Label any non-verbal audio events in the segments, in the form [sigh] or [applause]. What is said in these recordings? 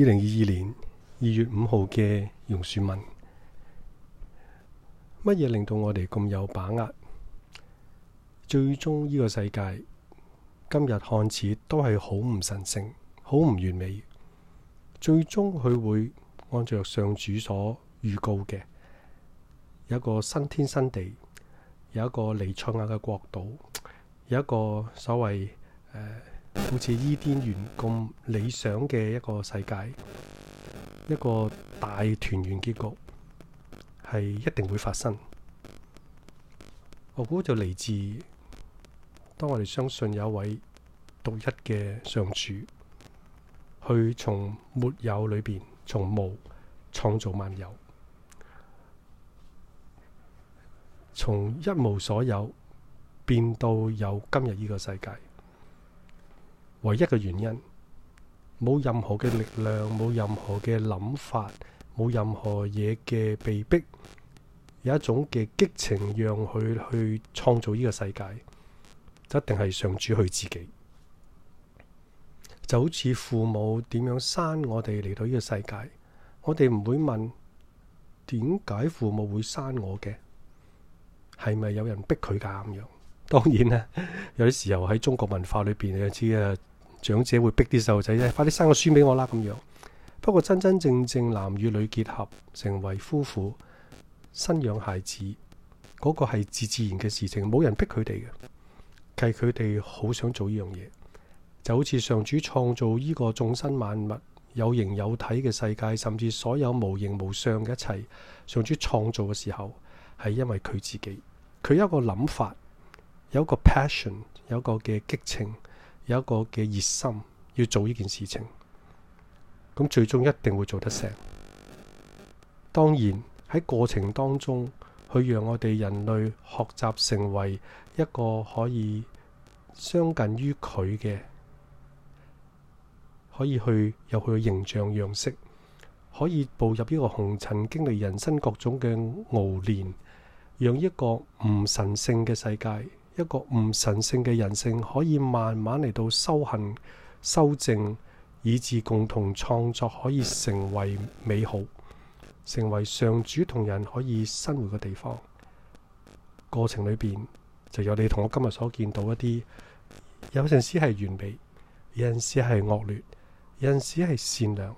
二零二二年二月五號嘅榕樹文，乜嘢令到我哋咁有把握？最終呢個世界，今日看似都係好唔神聖、好唔完美，最終佢會按照上主所預告嘅，有一個新天新地，有一個尼錯亞嘅國度，有一個所謂、呃好似伊甸園咁理想嘅一個世界，一個大團圓結局係一定會發生。我估就嚟自，當我哋相信有一位獨一嘅上主，去從沒有裏邊從無創造萬有，從一無所有變到有今日呢個世界。唯一嘅原因，冇任何嘅力量，冇任何嘅諗法，冇任何嘢嘅被迫，有一種嘅激情讓佢去，去創造呢個世界，一定係上主佢自己，就好似父母點樣生我哋嚟到呢個世界，我哋唔會問點解父母會生我嘅，係咪有人逼佢噶咁樣？當然啦， [laughs] 有啲時候喺中國文化裏邊，你又知啊。長者會逼啲細路仔快啲生個孫俾我啦，咁樣。不過真真正正男與女結合成為夫婦，生養孩子嗰、那個係自自然嘅事情，冇人逼佢哋嘅，係佢哋好想做呢樣嘢。就好似上主創造呢個眾生萬物有形有體嘅世界，甚至所有無形無相嘅一切，上主創造嘅時候係因為佢自己，佢有個諗法，有一個 passion，有一個嘅激情。有一個嘅熱心要做呢件事情，咁最終一定會做得成。當然喺過程當中，去讓我哋人類學習成為一個可以相近於佢嘅，可以去有佢嘅形象樣式，可以步入呢個紅塵，經歷人生各種嘅熬練，讓一個唔神性嘅世界。一個唔神聖嘅人性，可以慢慢嚟到修行、修正，以致共同創作可以成為美好，成為上主同人可以生活嘅地方。過程裏邊就有你同我今日所見到一啲，有陣時係完美，有陣時係惡劣，有陣時係善良，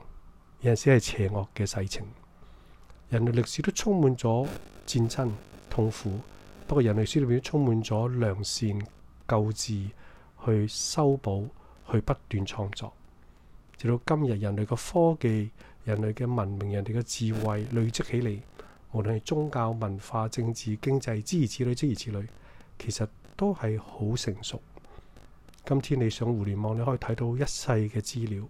有陣時係邪惡嘅世情。人類歷史都充滿咗戰爭、痛苦。不過人類書裏面充滿咗良善、救治，去修補、去不斷創作，直到今日，人類嘅科技、人類嘅文明、人哋嘅智慧累積起嚟，無論係宗教、文化、政治、經濟，諸如此類，諸如此類，其實都係好成熟。今天你上互聯網，你可以睇到一世嘅資料，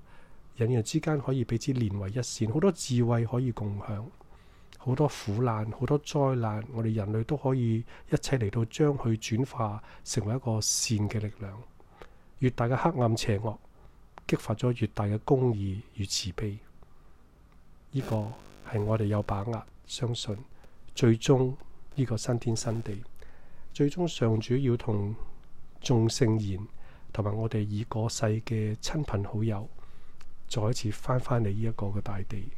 人與人之間可以彼此連為一線，好多智慧可以共享。好多苦難、好多災難，我哋人類都可以一齊嚟到將佢轉化成為一個善嘅力量。越大嘅黑暗邪惡，激發咗越大嘅公義與慈悲。呢、這個係我哋有把握，相信最終呢個新天新地，最終上主要同眾聖賢同埋我哋已過世嘅親朋好友，再一次翻返嚟呢一個嘅大地。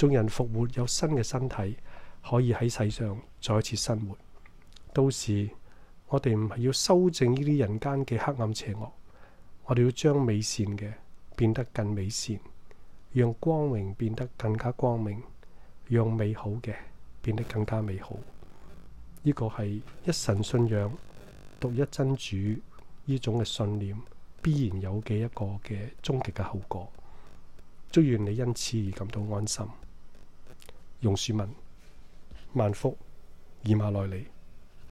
眾人復活，有新嘅身體可以喺世上再次生活。到時我哋唔係要修正呢啲人間嘅黑暗邪惡，我哋要將美善嘅變得更美善，讓光明變得更加光明，讓美好嘅變得更加美好。呢個係一神信仰、獨一真主呢種嘅信念必然有嘅一個嘅終極嘅後果。祝願你因此而感到安心。榕樹文萬福以馬來利。